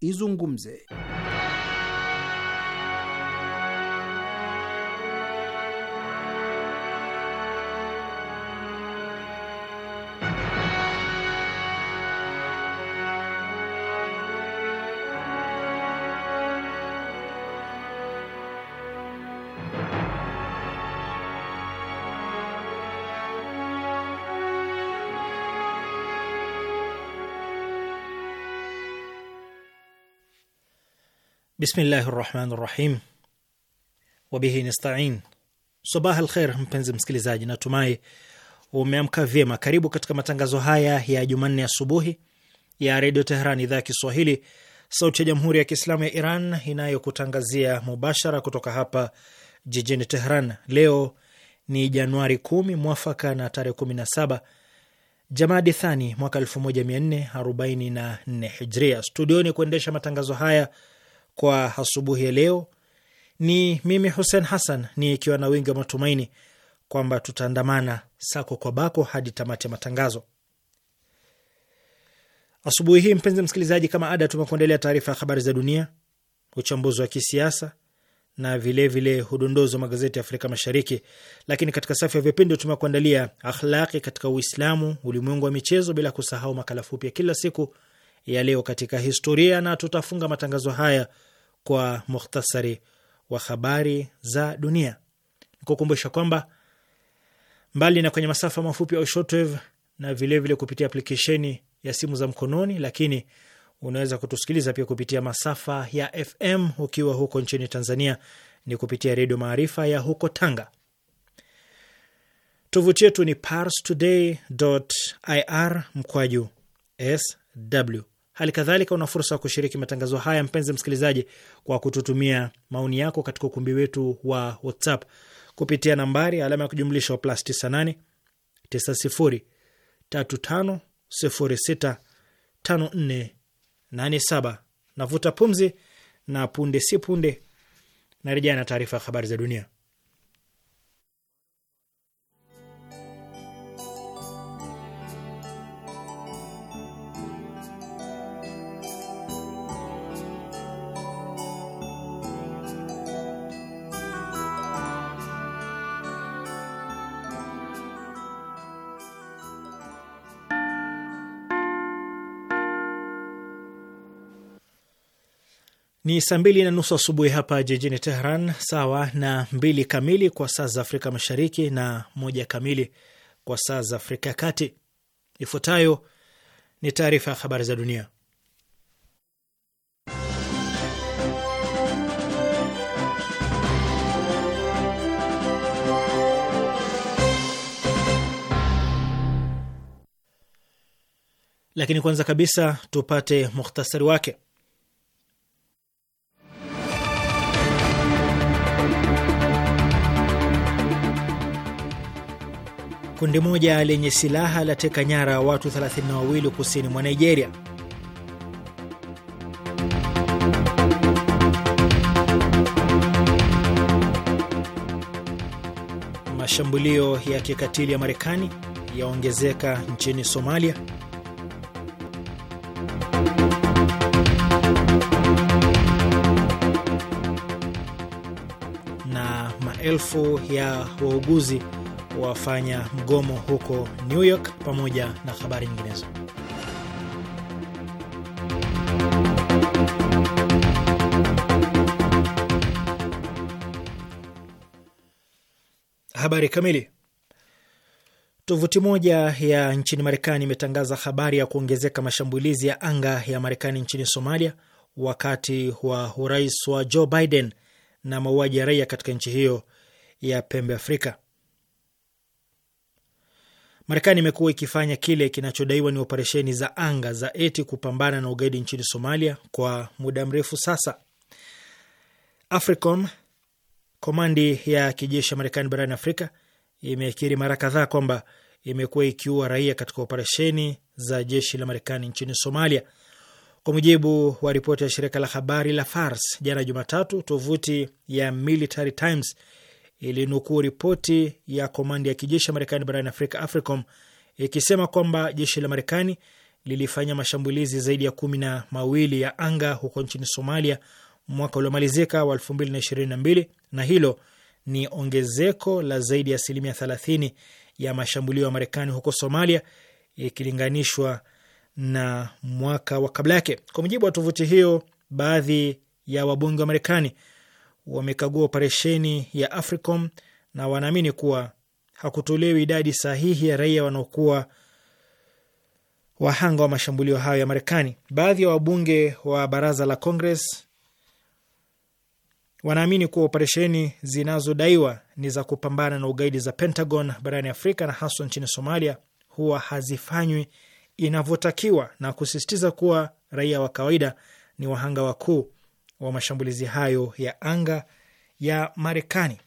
izungumze. Bismillahi rahmani rahim, wabihi nestain. Sabah alkheir, mpenzi msikilizaji, natumai umeamka vyema. Karibu katika matangazo haya ya Jumanne asubuhi ya Redio Tehran, idhaa ya Kiswahili, sauti ya Jamhuri ya Kiislamu ya Iran, inayokutangazia mubashara kutoka hapa jijini Tehran. Leo ni Januari 10 mwafaka na tarehe 17 Jamadi Thani mwaka 1444 Hijria. Studioni kuendesha matangazo haya kwa asubuhi ya leo. Ni mimi Hussein Hassan nikiwa na wingi wa matumaini kwamba tutaandamana sako kwa bako hadi tamati ya matangazo asubuhi hii. Mpenzi msikilizaji, kama ada, tumekuandalia taarifa ya habari za dunia, uchambuzi wa kisiasa na vilevile udondozi wa magazeti ya Afrika Mashariki. Lakini katika safu ya vipindi tumekuandalia akhlaki katika Uislamu, ulimwengu wa michezo, bila kusahau makala fupi ya kila siku ya leo katika historia, na tutafunga matangazo haya kwa mukhtasari wa habari za dunia. Nikukumbusha kwamba mbali na kwenye masafa mafupi au shortwave na vilevile vile kupitia aplikesheni ya simu za mkononi, lakini unaweza kutusikiliza pia kupitia masafa ya FM. Ukiwa huko nchini Tanzania ni kupitia Redio Maarifa ya huko Tanga. Tovuti yetu ni parstoday.ir mkwaju sw Hali kadhalika una fursa ya kushiriki matangazo haya, mpenzi msikilizaji, kwa kututumia maoni yako katika ukumbi wetu wa WhatsApp kupitia nambari alama ya kujumlisha wa plus 98 90 Navuta pumzi na punde si punde narejea na taarifa ya habari za dunia. Ni saa mbili na nusu asubuhi hapa jijini Tehran, sawa na mbili kamili kwa saa za Afrika Mashariki na moja kamili kwa saa za Afrika ya Kati. Ifuatayo ni taarifa ya habari za dunia, lakini kwanza kabisa tupate muhtasari wake. Kundi moja lenye silaha la teka nyara watu 32 kusini mwa Nigeria. Mashambulio ya kikatili ya Marekani yaongezeka nchini Somalia. Na maelfu ya wauguzi wafanya mgomo huko New York, pamoja na habari nyinginezo. Habari kamili. Tovuti moja ya nchini Marekani imetangaza habari ya kuongezeka mashambulizi ya anga ya Marekani nchini Somalia wakati wa urais wa Joe Biden na mauaji ya raia katika nchi hiyo ya pembe Afrika. Marekani imekuwa ikifanya kile kinachodaiwa ni operesheni za anga za eti kupambana na ugaidi nchini Somalia kwa muda mrefu sasa. AFRICOM, komandi ya kijeshi ya Marekani barani Afrika, imekiri mara kadhaa kwamba imekuwa ikiua raia katika operesheni za jeshi la Marekani nchini Somalia. Kwa mujibu wa ripoti ya shirika la habari la Fars, jana Jumatatu, tovuti ya Military Times ilinukuu ripoti ya komandi ya kijeshi ya Marekani barani Afrika, AFRICOM, ikisema kwamba jeshi la Marekani lilifanya mashambulizi zaidi ya kumi na mawili ya anga huko nchini Somalia mwaka uliomalizika wa mbili na hilo ni ongezeko la zaidi ya asilimia thelathini ya mashambulio ya Marekani huko Somalia ikilinganishwa na mwaka wa kabla yake. Kwa mujibu wa tovuti hiyo, baadhi ya wabunge wa Marekani wamekagua operesheni ya AFRICOM na wanaamini kuwa hakutolewi idadi sahihi ya raia wanaokuwa wahanga wa mashambulio hayo ya Marekani. Baadhi ya wabunge wa baraza la Congress wanaamini kuwa operesheni zinazodaiwa ni za kupambana na ugaidi za Pentagon barani Afrika na haswa nchini Somalia huwa hazifanywi inavyotakiwa na kusisitiza kuwa raia wa kawaida ni wahanga wakuu wa mashambulizi hayo ya anga ya Marekani.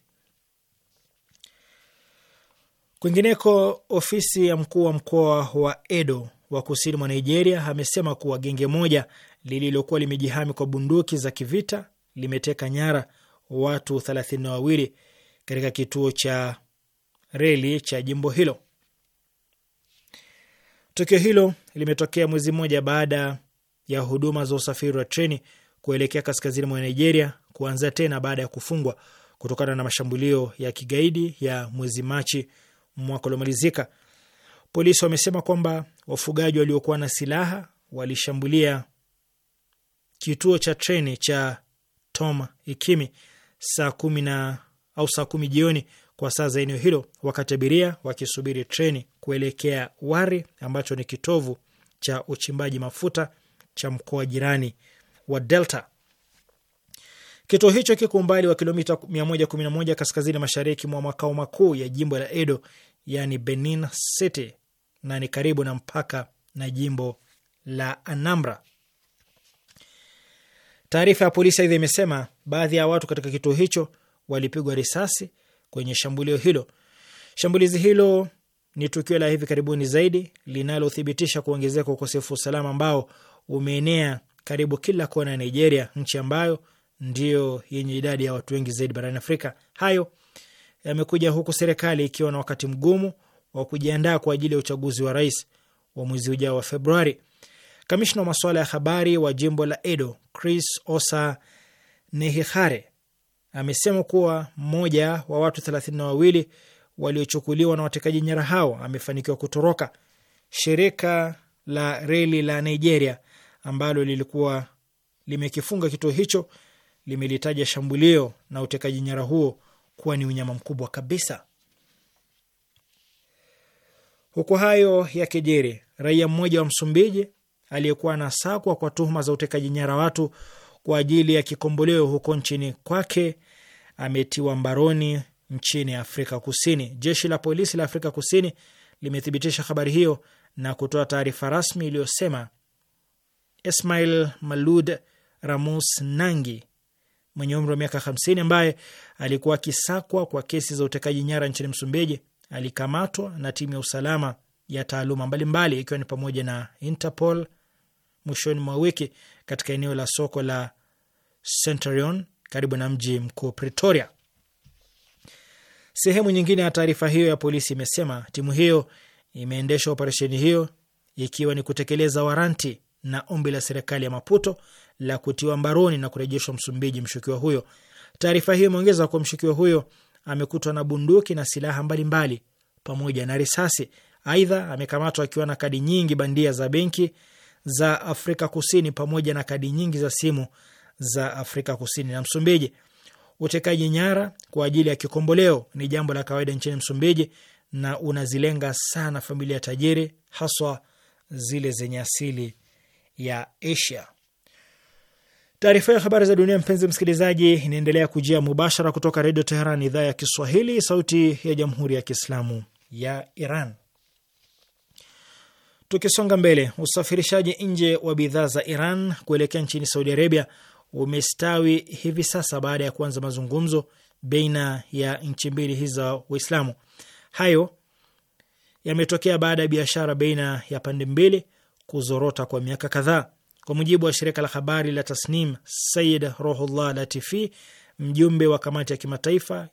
Kwingineko, ofisi ya mkuu wa mkoa wa Edo wa kusini mwa Nigeria amesema kuwa genge moja lililokuwa limejihami kwa bunduki za kivita limeteka nyara watu thelathini na wawili katika kituo cha reli cha jimbo hilo. Tukio hilo limetokea mwezi mmoja baada ya huduma za usafiri wa treni kuelekea kaskazini mwa Nigeria kuanza tena baada ya kufungwa kutokana na mashambulio ya kigaidi ya mwezi Machi mwaka uliomalizika. Polisi wamesema kwamba wafugaji waliokuwa na silaha walishambulia kituo cha treni cha Tom Ikimi saa kumi na au saa kumi jioni kwa saa za eneo hilo, wakati abiria wakisubiri treni kuelekea Wari ambacho ni kitovu cha uchimbaji mafuta cha mkoa jirani wa Delta. Kituo hicho kiko umbali wa kilomita 111 kaskazini mashariki mwa makao makuu ya jimbo la Edo, yani Benin City, na ni karibu na mpaka na jimbo la Anambra. Taarifa ya polisi aidha imesema baadhi ya watu katika kituo hicho walipigwa risasi kwenye shambulio hilo. Shambulizi hilo ni tukio la hivi karibuni zaidi linalothibitisha kuongezeka ukosefu wa usalama ambao umeenea karibu kila kona ya Nigeria, nchi ambayo ndiyo yenye idadi ya watu wengi zaidi barani Afrika. Hayo yamekuja huku serikali ikiwa na wakati mgumu wa kujiandaa kwa ajili ya uchaguzi wa rais wa mwezi ujao wa Februari. Kamishna wa masuala ya habari wa jimbo la Edo, Chris Osa Nehihare, amesema kuwa mmoja wa watu thelathini na wawili waliochukuliwa na watekaji nyara hao amefanikiwa kutoroka. Shirika la reli la Nigeria ambalo lilikuwa limekifunga kituo hicho limelitaja shambulio na utekaji nyara huo kuwa ni unyama mkubwa kabisa. Huku hayo yakijiri, raia mmoja wa Msumbiji aliyekuwa anasakwa kwa tuhuma za utekaji nyara watu kwa ajili ya kikomboleo huko nchini kwake ametiwa mbaroni nchini Afrika Kusini. Jeshi la polisi la Afrika Kusini limethibitisha habari hiyo na kutoa taarifa rasmi iliyosema Ismail Malud Ramus Nangi mwenye umri wa miaka 50 ambaye alikuwa akisakwa kwa kesi za utekaji nyara nchini Msumbiji alikamatwa na timu ya usalama ya taaluma mbalimbali ikiwa ni pamoja na Interpol mwishoni mwa wiki katika eneo la soko la Centurion karibu na mji mkuu Pretoria. Sehemu nyingine ya taarifa hiyo ya polisi imesema timu hiyo imeendesha operesheni hiyo ikiwa ni kutekeleza waranti na ombi la serikali ya Maputo la kutiwa mbaroni na kurejeshwa Msumbiji mshukiwa huyo. Taarifa hiyo imeongeza kuwa mshukiwa huyo amekutwa na bunduki na silaha mbalimbali mbali, pamoja na risasi. Aidha, amekamatwa akiwa na kadi nyingi bandia za benki za Afrika Kusini pamoja na kadi nyingi za simu za Afrika Kusini na Msumbiji. Utekaji nyara kwa ajili ya kikomboleo ni jambo la kawaida nchini Msumbiji na unazilenga sana familia tajiri, haswa zile zenye asili ya Asia. Taarifa ya habari za dunia, mpenzi msikilizaji, inaendelea kujia mubashara kutoka Redio Teheran, idhaa ya Kiswahili, sauti ya Jamhuri ya Kiislamu ya Iran. Tukisonga mbele, usafirishaji nje wa bidhaa za Iran kuelekea nchini Saudi Arabia umestawi hivi sasa baada ya kuanza mazungumzo baina ya nchi mbili hizi za Waislamu. Hayo yametokea baada ya biashara baina ya pande mbili kuzorota kwa miaka kadhaa. Kwa mujibu wa shirika la habari la Tasnim, Said Rohullah Latifi, mjumbe wa kamati ya kimataifa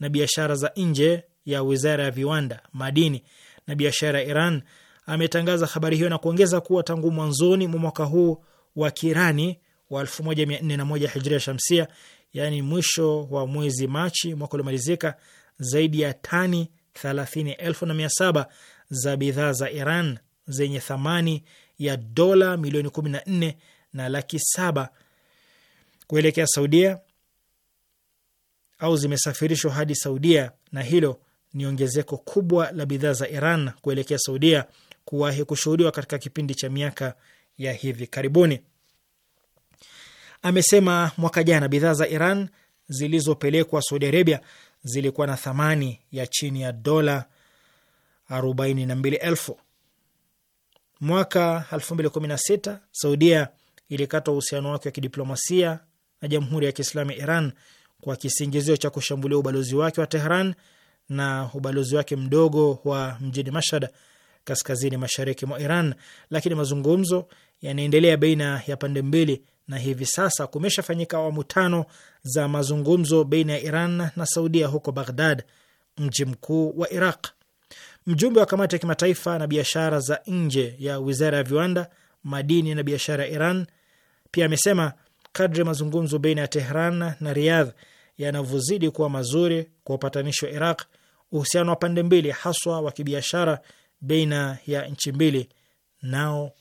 na biashara za nje ya wizara ya viwanda, madini na biashara ya Iran ametangaza habari hiyo na kuongeza kuwa tangu mwanzoni mwa mwaka huu wa Kirani wa 1401 hijria shamsia, yaani mwisho wa mwezi Machi mwaka uliomalizika, zaidi ya tani 30,700 za bidhaa za Iran zenye thamani ya dola milioni kumi na nne na laki saba kuelekea Saudia au zimesafirishwa hadi Saudia, na hilo ni ongezeko kubwa la bidhaa za Iran kuelekea Saudia kuwahi kushuhudiwa katika kipindi cha miaka ya hivi karibuni. Amesema mwaka jana bidhaa za Iran zilizopelekwa Saudi Arabia zilikuwa na thamani ya chini ya dola arobaini na mbili. Mwaka 2016 Saudia ilikata uhusiano wake wa kidiplomasia na Jamhuri ya Kiislamu ya Iran kwa kisingizio cha kushambulia ubalozi wake wa Tehran na ubalozi wake mdogo wa mjini Mashhad kaskazini mashariki mwa Iran, lakini mazungumzo yanaendelea baina ya pande mbili na hivi sasa kumeshafanyika awamu tano za mazungumzo baina ya Iran na Saudia huko Baghdad, mji mkuu wa Iraq. Mjumbe wa kamati ya kimataifa na biashara za nje ya wizara ya viwanda, madini na biashara ya Iran pia amesema kadri mazungumzo baina ya Tehran na Riyadh yanavyozidi kuwa mazuri kwa upatanishi wa Iraq, uhusiano wa pande mbili haswa wa kibiashara baina ya nchi mbili nao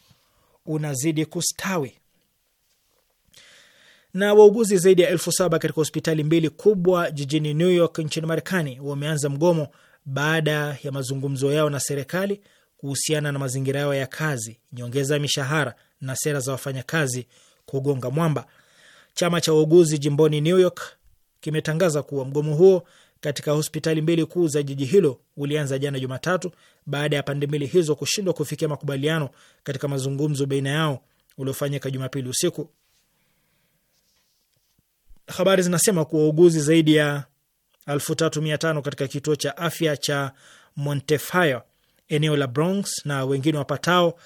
unazidi kustawi. Na wauguzi zaidi ya elfu saba katika hospitali mbili kubwa jijini New York nchini Marekani wameanza mgomo baada ya mazungumzo yao na serikali kuhusiana na mazingira yao ya kazi, nyongeza ya mishahara na sera za wafanyakazi kugonga mwamba. Chama cha uuguzi jimboni New York kimetangaza kuwa mgomo huo katika hospitali mbili kuu za jiji hilo ulianza jana Jumatatu baada ya pande mbili hizo kushindwa kufikia makubaliano katika mazungumzo baina yao uliofanyika Jumapili usiku. Habari zinasema kuwa wauguzi zaidi ya 3500 katika kituo cha afya cha Montefiore eneo la Bronx na wengine wapatao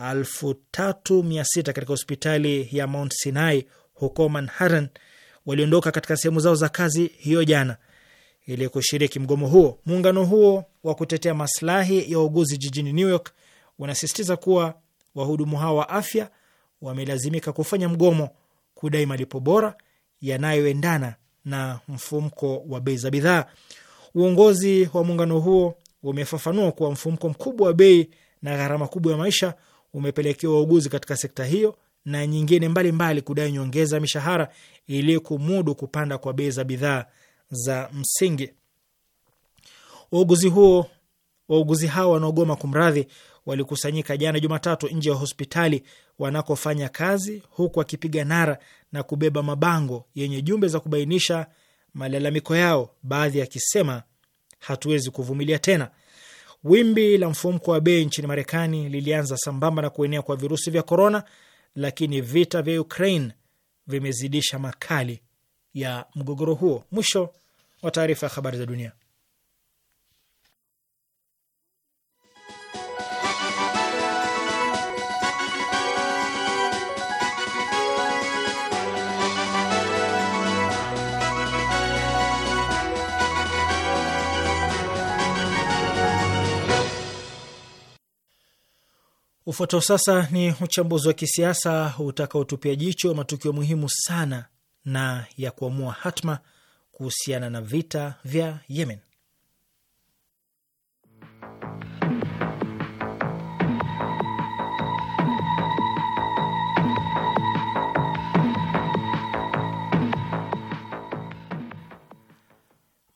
3600 katika hospitali ya Mount Sinai huko Manhattan waliondoka katika sehemu zao za kazi hiyo jana ili kushiriki mgomo huo. Muungano huo wa kutetea maslahi ya wauguzi jijini New York unasisitiza kuwa wahudumu hao wa afya wamelazimika kufanya mgomo kudai malipo bora yanayoendana na mfumko wa bei za bidhaa. Uongozi wa muungano huo umefafanua kuwa mfumko mkubwa wa bei na gharama kubwa ya maisha umepelekea wauguzi katika sekta hiyo na nyingine mbalimbali kudai nyongeza mishahara ili kumudu kupanda kwa bei za bidhaa za msingi. Wauguzi huo wauguzi hao wanaogoma kumradhi, walikusanyika jana Jumatatu nje ya hospitali wanakofanya kazi, huku wakipiga nara na kubeba mabango yenye jumbe za kubainisha malalamiko yao, baadhi yakisema hatuwezi kuvumilia tena. Wimbi la mfumko wa bei nchini Marekani lilianza sambamba na kuenea kwa virusi vya korona, lakini vita vya Ukraine vimezidisha makali ya mgogoro huo. Mwisho wa taarifa ya habari za dunia. Ufuatao sasa ni uchambuzi wa kisiasa utakaotupia jicho matukio muhimu sana na ya kuamua hatma kuhusiana na vita vya Yemen.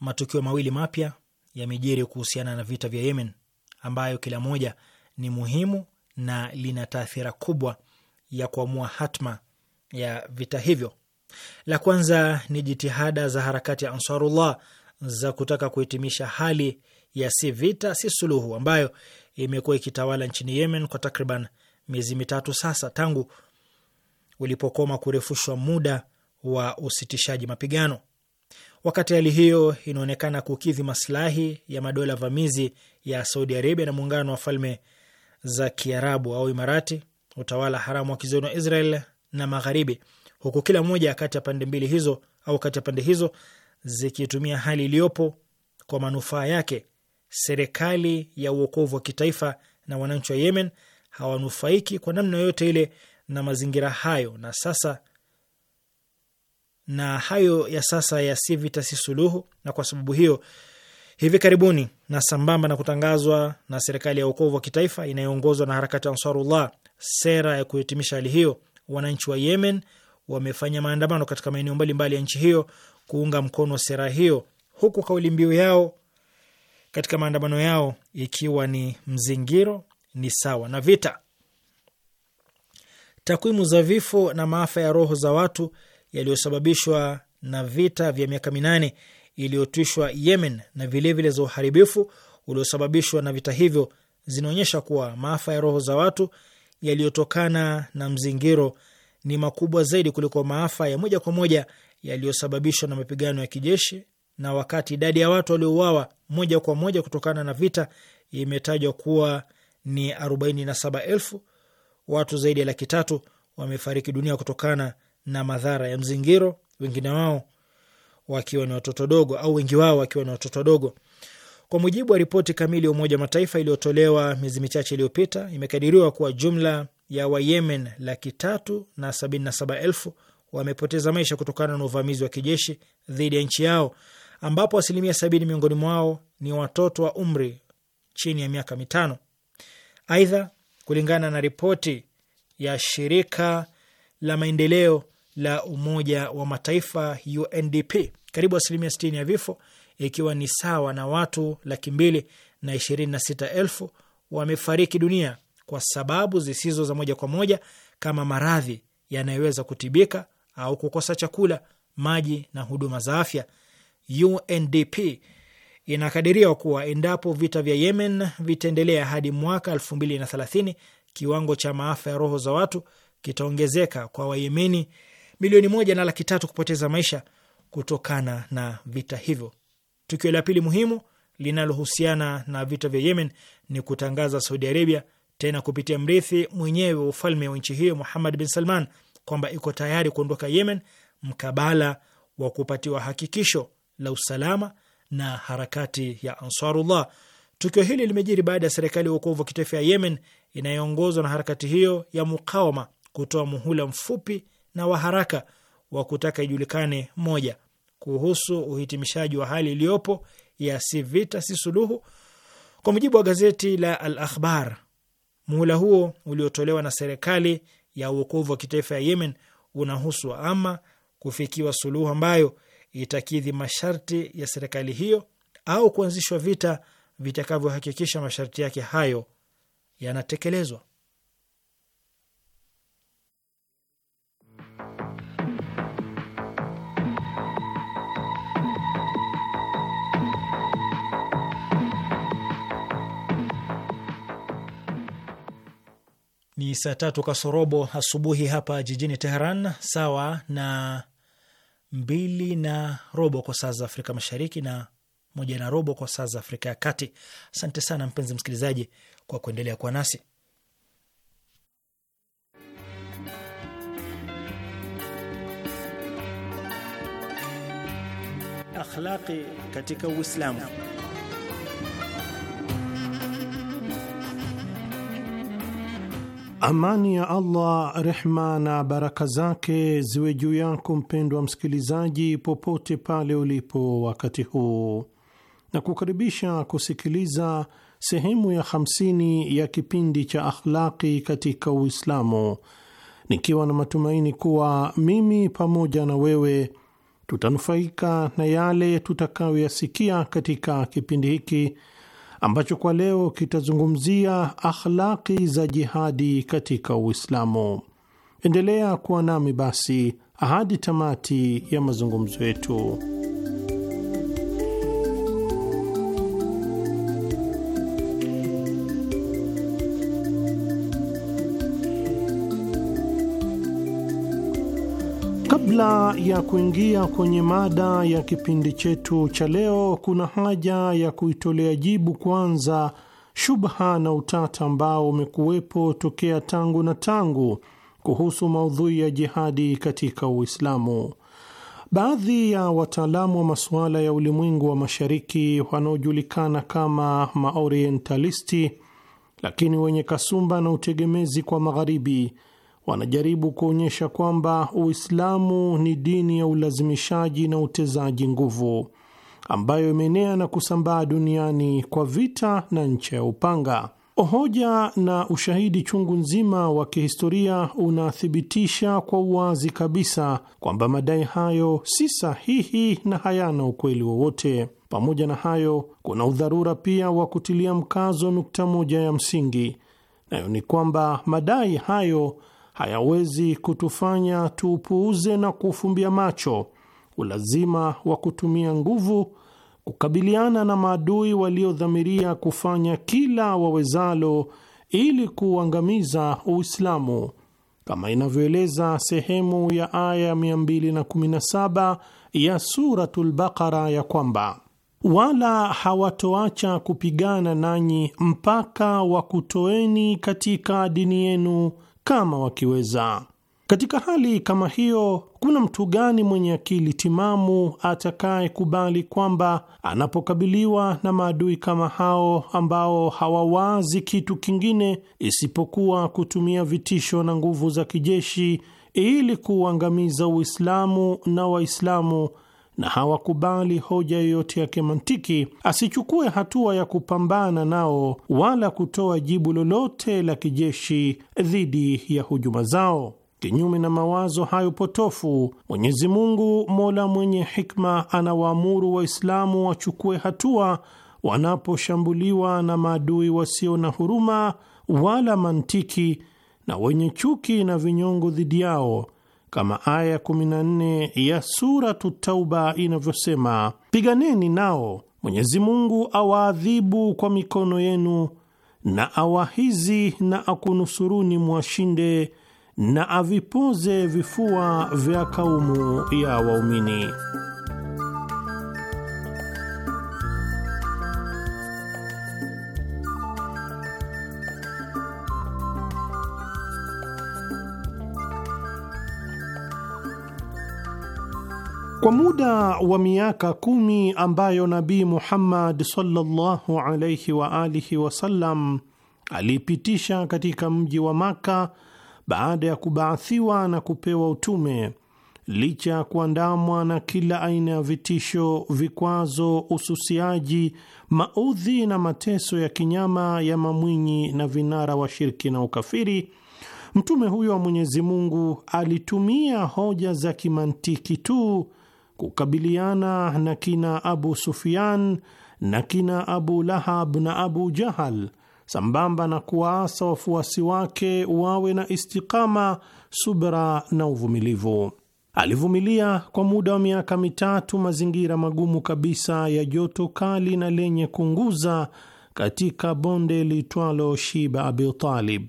Matukio mawili mapya yamejiri kuhusiana na vita vya Yemen ambayo kila moja ni muhimu na lina taathira kubwa ya kuamua hatma ya vita hivyo. La kwanza ni jitihada za harakati ya Ansarullah za kutaka kuhitimisha hali ya si vita si suluhu ambayo imekuwa ikitawala nchini Yemen kwa takriban miezi mitatu sasa tangu ulipokoma kurefushwa muda wa usitishaji mapigano. Wakati hali hiyo inaonekana kukidhi maslahi ya madola vamizi ya Saudi Arabia na muungano wa falme za Kiarabu au Imarati, utawala haramu wa kizoni wa Israel na Magharibi, huku kila moja kati ya pande mbili hizo au kati ya pande hizo zikitumia hali iliyopo kwa manufaa yake. Serikali ya uokovu wa kitaifa na wananchi wa Yemen hawanufaiki kwa namna yoyote ile na mazingira hayo, na sasa na hayo ya sasa ya si vita si suluhu, na kwa sababu hiyo hivi karibuni na sambamba na kutangazwa na serikali ya uokovu wa kitaifa inayoongozwa na harakati ya Ansarullah sera ya kuhitimisha hali hiyo, wananchi wa Yemen wamefanya maandamano katika maeneo mbalimbali ya nchi hiyo kuunga mkono sera hiyo, huku kauli mbiu yao katika maandamano yao ikiwa ni mzingiro ni sawa na vita. Takwimu za vifo na maafa ya roho za watu yaliyosababishwa na vita vya miaka minane iliyotwishwa Yemen na vilevile za uharibifu uliosababishwa na vita hivyo zinaonyesha kuwa maafa ya roho za watu yaliyotokana na mzingiro ni makubwa zaidi kuliko maafa ya moja kwa moja yaliyosababishwa na mapigano ya kijeshi. Na wakati idadi ya watu waliouawa moja kwa moja kutokana na vita imetajwa kuwa ni arobaini watu zaidi ya laki tatu wamefariki dunia kutokana na madhara ya mzingiro, wengine wao wakiwa na watoto dogo au wengi wao wakiwa na watoto dogo. Kwa mujibu wa ripoti kamili ya Umoja wa Mataifa iliyotolewa miezi michache iliyopita, imekadiriwa kuwa jumla ya Wayemen laki tatu na sabini na saba elfu wamepoteza maisha kutokana na uvamizi wa kijeshi dhidi ya nchi yao, ambapo asilimia sabini miongoni mwao ni watoto wa umri chini ya miaka mitano. Aidha, kulingana na ripoti ya shirika la maendeleo la Umoja wa Mataifa UNDP, karibu asilimia sitini ya vifo ikiwa ni sawa na watu laki mbili na ishirini na sita elfu wamefariki dunia kwa sababu zisizo za moja kwa moja kama maradhi yanayoweza kutibika au kukosa chakula, maji na huduma za afya. UNDP inakadiria kuwa endapo vita vya Yemen vitaendelea hadi mwaka elfu mbili na thelathini, kiwango cha maafa ya roho za watu kitaongezeka kwa Wayemeni milioni moja na laki tatu kupoteza maisha kutokana na vita hivyo. Tukio la pili muhimu linalohusiana na vita vya Yemen ni kutangaza Saudi Arabia tena kupitia mrithi mwenyewe wa ufalme wa nchi hiyo Muhammad bin Salman kwamba iko tayari kuondoka Yemen mkabala wa kupatiwa hakikisho la usalama na harakati ya Ansarullah. Tukio hili limejiri baada ya serikali ya uokovu wa kitaifa ya Yemen inayoongozwa na harakati hiyo ya mukawama kutoa muhula mfupi na wa haraka wa kutaka ijulikane moja kuhusu uhitimishaji wa hali iliyopo ya si vita si suluhu. Kwa mujibu wa gazeti la Al Akhbar, muhula huo uliotolewa na serikali ya uokovu wa kitaifa ya Yemen unahusu ama kufikiwa suluhu ambayo itakidhi masharti ya serikali hiyo au kuanzishwa vita vitakavyohakikisha masharti yake hayo yanatekelezwa. Ni saa tatu kasorobo asubuhi hapa jijini Teheran, sawa na mbili na robo kwa saa za Afrika Mashariki na moja na robo kwa saa za Afrika ya Kati. Asante sana mpenzi msikilizaji kwa kuendelea kuwa nasi. Akhlaqi katika Uislamu. Amani ya Allah, rehma na baraka zake ziwe juu yako mpendwa msikilizaji, popote pale ulipo wakati huu, na kukaribisha kusikiliza sehemu ya 50 ya kipindi cha Akhlaqi katika Uislamu, nikiwa na matumaini kuwa mimi pamoja na wewe tutanufaika na yale tutakayoyasikia katika kipindi hiki ambacho kwa leo kitazungumzia akhlaki za jihadi katika Uislamu. Endelea kuwa nami basi hadi tamati ya mazungumzo yetu. Kabla ya kuingia kwenye mada ya kipindi chetu cha leo, kuna haja ya kuitolea jibu kwanza shubha na utata ambao umekuwepo tokea tangu na tangu kuhusu maudhui ya jihadi katika Uislamu. Baadhi ya wataalamu wa masuala ya ulimwengu wa mashariki wanaojulikana kama maorientalisti, lakini wenye kasumba na utegemezi kwa magharibi wanajaribu kuonyesha kwamba Uislamu ni dini ya ulazimishaji na utezaji nguvu ambayo imeenea na kusambaa duniani kwa vita na ncha ya upanga. Hoja na ushahidi chungu nzima wa kihistoria unathibitisha kwa uwazi kabisa kwamba madai hayo si sahihi na hayana ukweli wowote. Pamoja na hayo, kuna udharura pia wa kutilia mkazo nukta moja ya msingi, nayo ni kwamba madai hayo hayawezi kutufanya tuupuuze na kuufumbia macho ulazima wa kutumia nguvu kukabiliana na maadui waliodhamiria kufanya kila wawezalo ili kuuangamiza Uislamu kama inavyoeleza sehemu ya aya 217 ya Suratul Baqara ya kwamba wala hawatoacha kupigana nanyi mpaka wakutoeni katika dini yenu kama wakiweza. Katika hali kama hiyo, kuna mtu gani mwenye akili timamu atakayekubali kwamba anapokabiliwa na maadui kama hao ambao hawawazi kitu kingine isipokuwa kutumia vitisho na nguvu za kijeshi ili kuuangamiza Uislamu na Waislamu na hawakubali hoja yoyote ya kimantiki, asichukue hatua ya kupambana nao wala kutoa jibu lolote la kijeshi dhidi ya hujuma zao. Kinyume na mawazo hayo potofu, Mwenyezi Mungu Mola mwenye hikma anawaamuru Waislamu wachukue hatua wanaposhambuliwa na maadui wasio na huruma wala mantiki na wenye chuki na vinyongo dhidi yao kama aya ya 14 ya Suratu Tauba inavyosema, piganeni nao, Mwenyezi Mungu awaadhibu kwa mikono yenu na awahizi na akunusuruni mwashinde na avipoze vifua vya kaumu ya waumini. Kwa muda wa miaka kumi ambayo Nabii Muhammad sallallahu alaihi wa alihi wasallam aliipitisha katika mji wa makka baada ya kubaathiwa na kupewa utume, licha ya kuandamwa na kila aina ya vitisho, vikwazo, ususiaji, maudhi na mateso ya kinyama ya mamwinyi na vinara wa shirki na ukafiri, mtume huyo wa Mwenyezi Mungu alitumia hoja za kimantiki tu kukabiliana na kina Abu Sufyan na kina Abu Lahab na Abu Jahal, sambamba na kuwaasa wafuasi wake wawe na istikama, subra na uvumilivu. Alivumilia kwa muda wa miaka mitatu mazingira magumu kabisa ya joto kali na lenye kunguza katika bonde litwalo Shiba Abi Talib.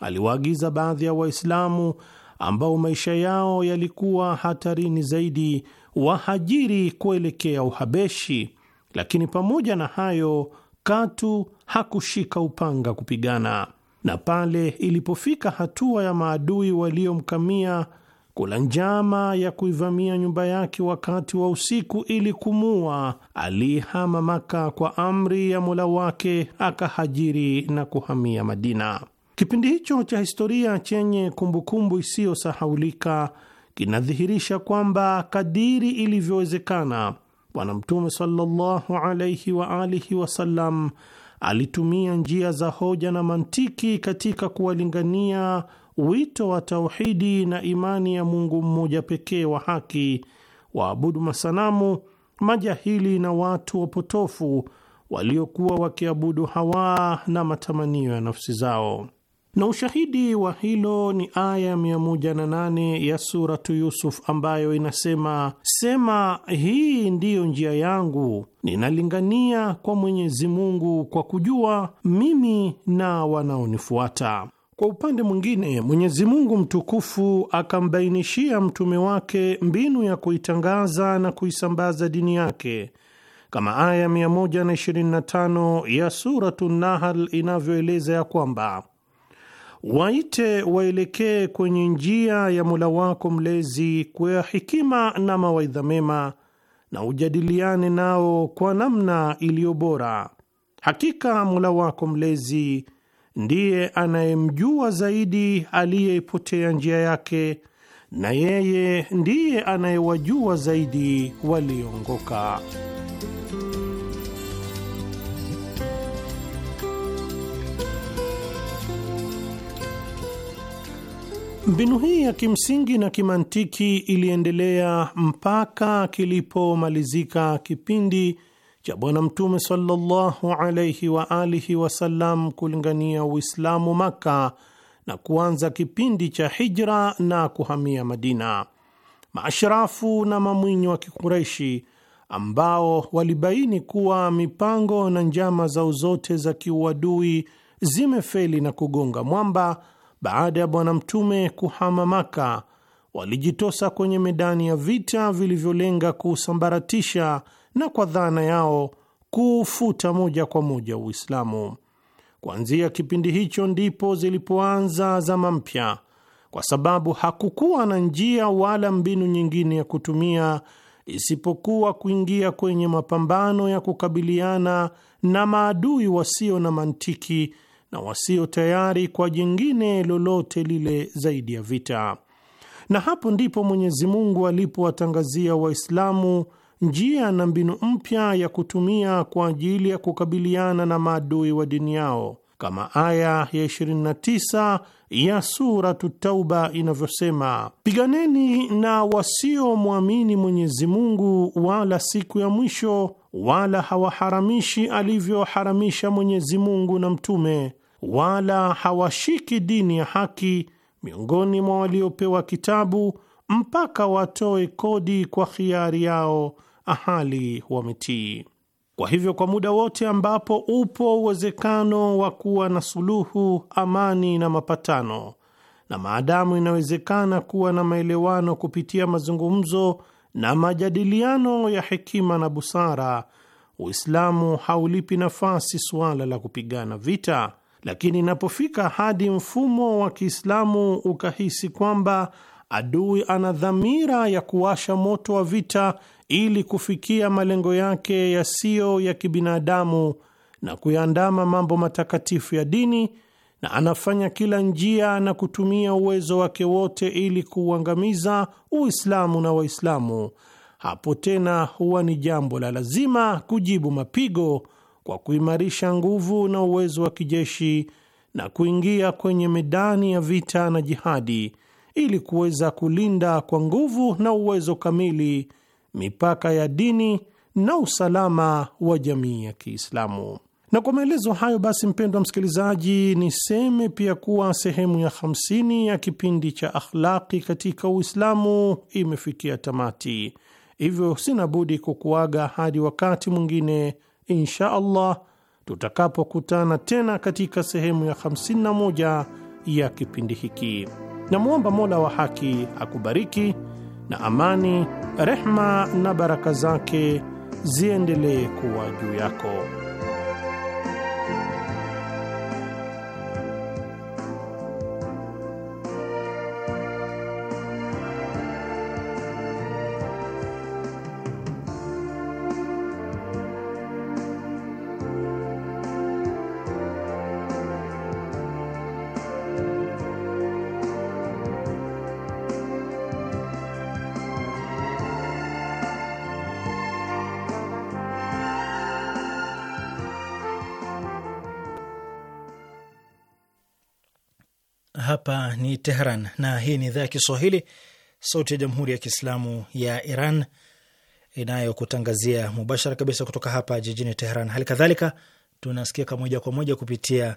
Aliwaagiza baadhi ya Waislamu ambao maisha yao yalikuwa hatarini zaidi wahajiri kuelekea Uhabeshi, lakini pamoja na hayo katu hakushika upanga kupigana, na pale ilipofika hatua ya maadui waliomkamia kula njama ya kuivamia nyumba yake wakati wa usiku ili kumua, aliyehama Maka kwa amri ya Mola wake akahajiri na kuhamia Madina. Kipindi hicho cha historia chenye kumbukumbu isiyosahaulika kinadhihirisha kwamba kadiri ilivyowezekana Bwana Mtume sallallahu alaihi wa alihi wasallam alitumia njia za hoja na mantiki katika kuwalingania wito wa tauhidi na imani ya Mungu mmoja pekee wa haki, waabudu masanamu, majahili na watu wapotofu waliokuwa wakiabudu hawa na matamanio ya nafsi zao na ushahidi wa hilo ni aya nane ya suratu Yusuf ambayo inasema, sema hii ndiyo njia yangu, ninalingania kwa Mwenyezi Mungu kwa kujua mimi na wanaonifuata. Kwa upande mwingine, Mwenyezi Mungu mtukufu akambainishia mtume wake mbinu ya kuitangaza na kuisambaza dini yake kama aya 125 ya suratu Nahal inavyoeleza ya kwamba waite waelekee kwenye njia ya Mola wako mlezi kwa hikima na mawaidha mema, na ujadiliane nao kwa namna iliyo bora. Hakika Mola wako mlezi ndiye anayemjua zaidi aliyeipotea njia yake, na yeye ndiye anayewajua zaidi waliongoka. Mbinu hii ya kimsingi na kimantiki iliendelea mpaka kilipomalizika kipindi cha Bwana Mtume sallallahu alaihi wa alihi wasallam kulingania Uislamu Makka na kuanza kipindi cha hijra na kuhamia Madina. Maashrafu na mamwinyo wa Kikureishi ambao walibaini kuwa mipango na njama zao zote za kiuadui zimefeli na kugonga mwamba baada ya Bwana Mtume kuhama Maka, walijitosa kwenye medani ya vita vilivyolenga kuusambaratisha na kwa dhana yao kuufuta moja kwa moja Uislamu. Kuanzia kipindi hicho ndipo zilipoanza zama mpya, kwa sababu hakukuwa na njia wala mbinu nyingine ya kutumia isipokuwa kuingia kwenye mapambano ya kukabiliana na maadui wasio na mantiki na wasio tayari kwa jingine lolote lile zaidi ya vita. Na hapo ndipo Mwenyezi Mungu alipowatangazia Waislamu njia na mbinu mpya ya kutumia kwa ajili ya kukabiliana na maadui wa dini yao, kama aya ya 29 ya Suratu Tauba inavyosema: piganeni na wasiomwamini Mwenyezi Mungu wala siku ya mwisho, wala hawaharamishi alivyoharamisha Mwenyezi Mungu na mtume wala hawashiki dini ya haki miongoni mwa waliopewa kitabu mpaka watoe kodi kwa khiari yao ahali wametii. Kwa hivyo, kwa muda wote ambapo upo uwezekano wa kuwa na suluhu, amani na mapatano, na maadamu inawezekana kuwa na maelewano kupitia mazungumzo na majadiliano ya hekima na busara, Uislamu haulipi nafasi suala la kupigana vita, lakini inapofika hadi mfumo wa Kiislamu ukahisi kwamba adui ana dhamira ya kuwasha moto wa vita ili kufikia malengo yake yasiyo ya kibinadamu na kuyaandama mambo matakatifu ya dini, na anafanya kila njia na kutumia uwezo wake wote ili kuuangamiza Uislamu na Waislamu, hapo tena huwa ni jambo la lazima kujibu mapigo kwa kuimarisha nguvu na uwezo wa kijeshi na kuingia kwenye medani ya vita na jihadi ili kuweza kulinda kwa nguvu na uwezo kamili mipaka ya dini na usalama wa jamii ya Kiislamu. Na kwa maelezo hayo basi, mpendwa msikilizaji, niseme pia kuwa sehemu ya 50 ya kipindi cha Akhlaqi katika Uislamu imefikia tamati, hivyo sina budi kukuaga hadi wakati mwingine insha Allah tutakapokutana tena katika sehemu ya 51 ya kipindi hiki. Namwomba Mola wa haki akubariki na amani, rehma na baraka zake ziendelee kuwa juu yako. Hapa ni Tehran na hii ni idhaa ya Kiswahili, sauti ya jamhuri ya kiislamu ya Iran inayokutangazia mubashara kabisa kutoka hapa jijini teheran Hali kadhalika tunasikika moja kwa moja kupitia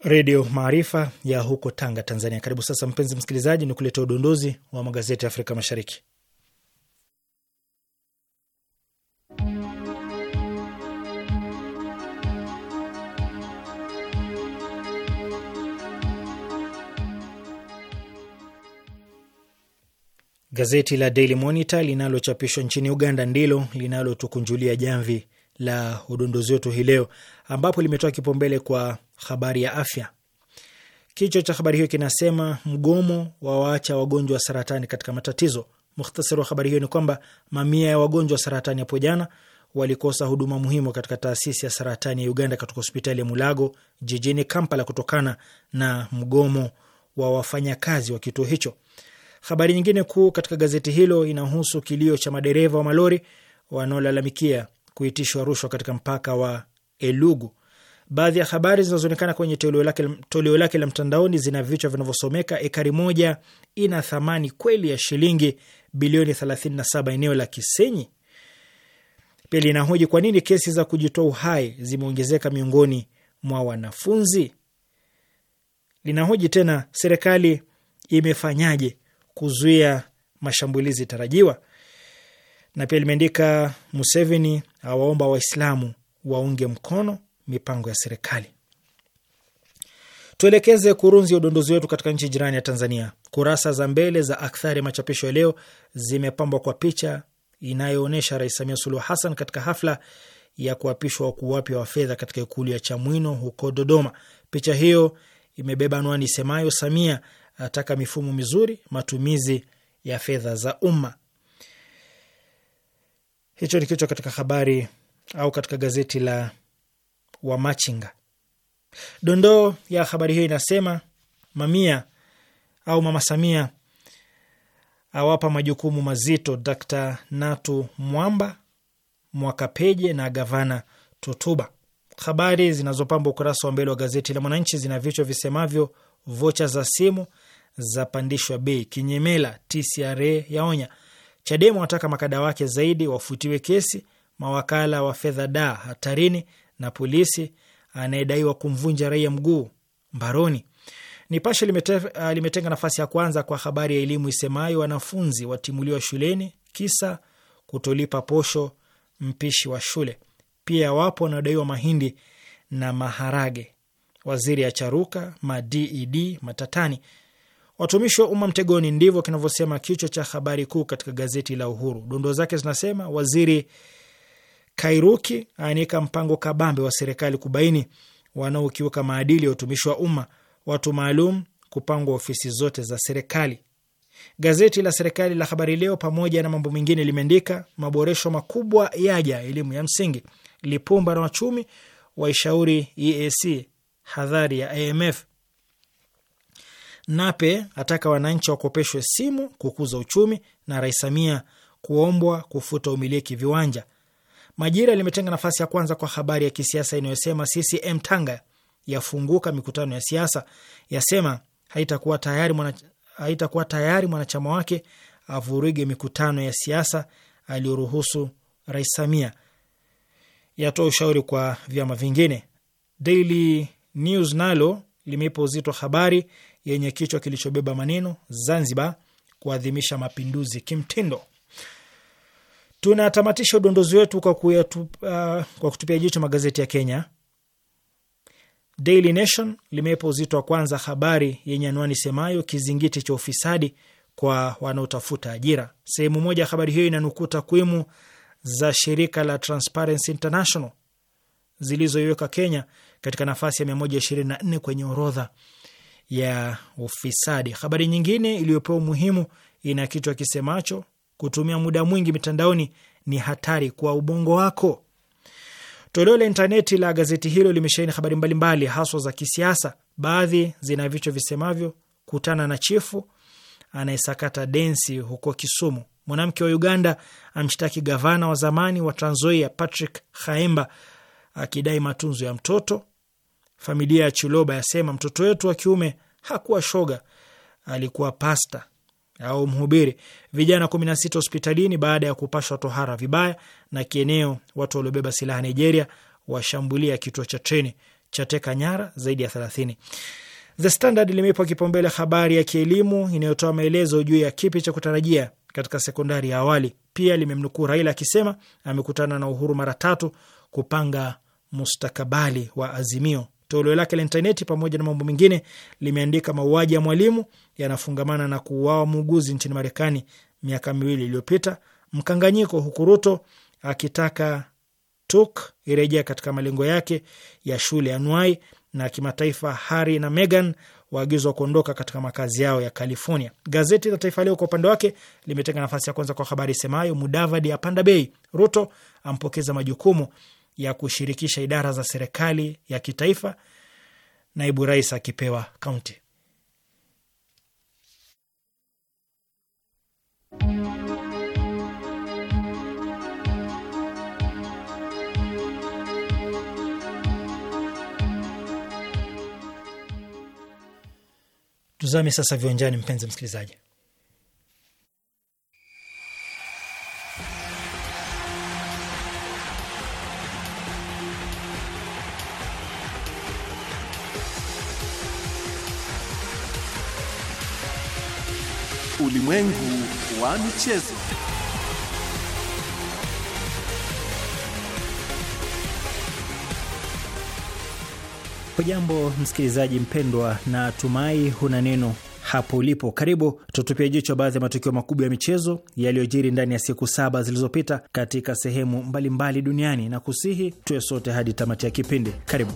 Redio Maarifa ya huko Tanga, Tanzania. Karibu sasa, mpenzi msikilizaji, ni kuletea udondozi wa magazeti ya Afrika Mashariki. Gazeti la Daily Monitor linalochapishwa nchini Uganda ndilo linalotukunjulia jamvi la udondozi wetu hii leo, ambapo limetoa kipaumbele kwa habari ya afya. Kichwa cha habari hiyo kinasema mgomo wa waacha wagonjwa wa saratani katika matatizo. Mukhtasari wa habari hiyo ni kwamba mamia ya wagonjwa wa saratani hapo jana walikosa huduma muhimu katika taasisi ya saratani ya Uganda katika hospitali ya Mulago jijini Kampala kutokana na mgomo wa wafanyakazi wa kituo hicho. Habari nyingine kuu katika gazeti hilo inahusu kilio cha madereva wa malori wanaolalamikia kuitishwa rushwa katika mpaka wa Elugu. Baadhi ya habari zinazoonekana kwenye toleo lake, toleo lake la mtandaoni zina vichwa vinavyosomeka ekari moja ina thamani kweli ya shilingi bilioni 37 eneo la Kisenyi. Pia inahoji kwa nini kesi za kujitoa uhai zimeongezeka miongoni mwa wanafunzi. Linahoji tena serikali imefanyaje kuzuia mashambulizi tarajiwa. Na pia limeandika Museveni awaomba Waislamu waunge mkono mipango ya serikali. Tuelekeze kurunzi ya udondozi wetu katika nchi jirani ya Tanzania. Kurasa za mbele za akthari ya machapisho ya leo zimepambwa kwa picha inayoonyesha Rais Samia Suluhu Hassan katika hafla ya kuapishwa wakuu wapya wa fedha katika ikulu ya Chamwino huko Dodoma. Picha hiyo imebeba anwani isemayo Samia ataka mifumo mizuri matumizi ya fedha za umma. Hicho ni kichwa katika habari au katika gazeti la Wamachinga. Dondoo ya habari hiyo inasema mamia au Mama Samia awapa majukumu mazito Dkt. Natu Mwamba, Mwakapeje na gavana Tutuba. Habari zinazopamba ukurasa wa mbele wa gazeti la Mwananchi zina vichwa visemavyo vocha za simu za pandishwa bei kinyemela, TCRA yaonya. Chadema wataka makada wake zaidi wafutiwe kesi, mawakala wa fedha da hatarini, na polisi anayedaiwa kumvunja raia mguu mbaroni. Nipashe limete, uh, limetenga nafasi ya kwanza kwa habari ya elimu isemayo wanafunzi watimuliwa shuleni kisa kutolipa posho mpishi wa shule. Pia wapo wanaodaiwa mahindi na maharage. Waziri acharuka charuka e matatani. Watumishi wa umma mtegoni, ndivyo kinavyosema kichwa cha habari kuu katika gazeti la Uhuru. Dondoo zake zinasema waziri Kairuki aanika mpango kabambe wa serikali kubaini wanaokiuka maadili ya utumishi wa umma, watu maalum kupangwa ofisi zote za serikali. Gazeti la serikali la Habari Leo pamoja na mambo mengine limeandika maboresho makubwa yaja elimu ya msingi, Lipumba na wachumi waishauri EAC hadhari ya IMF, Nape ataka wananchi wakopeshwe simu kukuza uchumi, na Rais Samia kuombwa kufuta umiliki viwanja. Majira limetenga nafasi ya kwanza kwa habari ya kisiasa inayosema CCM Tanga yafunguka mikutano ya siasa, yasema haitakuwa tayari mwanachama haitakuwa tayari mwanachama wake avurige mikutano ya siasa aliyoruhusu Rais Samia, yatoa ushauri kwa vyama vingine. Daily News nalo limeipa uzito habari yenye kichwa kilichobeba maneno Zanzibar kuadhimisha mapinduzi kimtindo. Tunatamatisha udondozi wetu kwa, uh, kwa kutupia jicho magazeti ya Kenya. Daily Nation limeipa uzito wa kwanza habari yenye anwani semayo kizingiti cha ufisadi kwa wanaotafuta ajira. Sehemu moja ya habari hiyo inanukuu takwimu za shirika la Transparency International zilizoiweka Kenya katika nafasi ya 124 kwenye orodha ya ufisadi. Habari nyingine iliyopewa umuhimu ina kichwa kisemacho kutumia muda mwingi mitandaoni ni hatari kwa ubongo wako. Toleo la intaneti la gazeti hilo limesheheni habari mbalimbali haswa za kisiasa. Baadhi zina vichwa visemavyo: kutana na chifu anayesakata densi huko Kisumu, mwanamke wa Uganda amshtaki gavana wa zamani wa Trans Patrick Khaemba akidai matunzo ya mtoto, Familia ya Chiloba yasema mtoto wetu wa kiume hakuwa shoga, alikuwa pasta au mhubiri. Vijana kumi na sita hospitalini baada ya kupashwa tohara vibaya. Na kieneo, watu waliobeba silaha Nigeria washambulia kituo cha treni cha teka nyara zaidi ya thelathini. The Standard limeipa kipaumbele habari ya kielimu inayotoa maelezo juu ya kipi cha kutarajia katika sekondari ya awali. Pia limemnukuu Raila akisema amekutana na Uhuru mara tatu kupanga mustakabali wa Azimio Toleo lake la intaneti, pamoja na mambo mengine, limeandika mauaji ya mwalimu yanafungamana na kuuawa muuguzi nchini Marekani miaka miwili iliyopita, mkanganyiko, huku Ruto akitaka TUK irejea katika malengo yake ya shule ya Nwai, na kimataifa, Harry na Meghan waagizwa kuondoka katika makazi yao ya California. Gazeti la Taifa Leo kwa upande wake limetenga nafasi ya kwanza kwa habari isemayo Mudavadi apanda bei, Ruto ampokeza majukumu ya kushirikisha idara za serikali ya kitaifa, naibu rais akipewa kaunti. Tuzame sasa viwanjani, mpenzi msikilizaji. ulimwengu wa michezo. Hujambo msikilizaji mpendwa, na tumai huna neno hapo ulipo. Karibu tutupia jicho baadhi ya matukio makubwa ya michezo yaliyojiri ndani ya siku saba zilizopita katika sehemu mbalimbali mbali duniani, na kusihi tuwe sote hadi tamati ya kipindi. Karibu.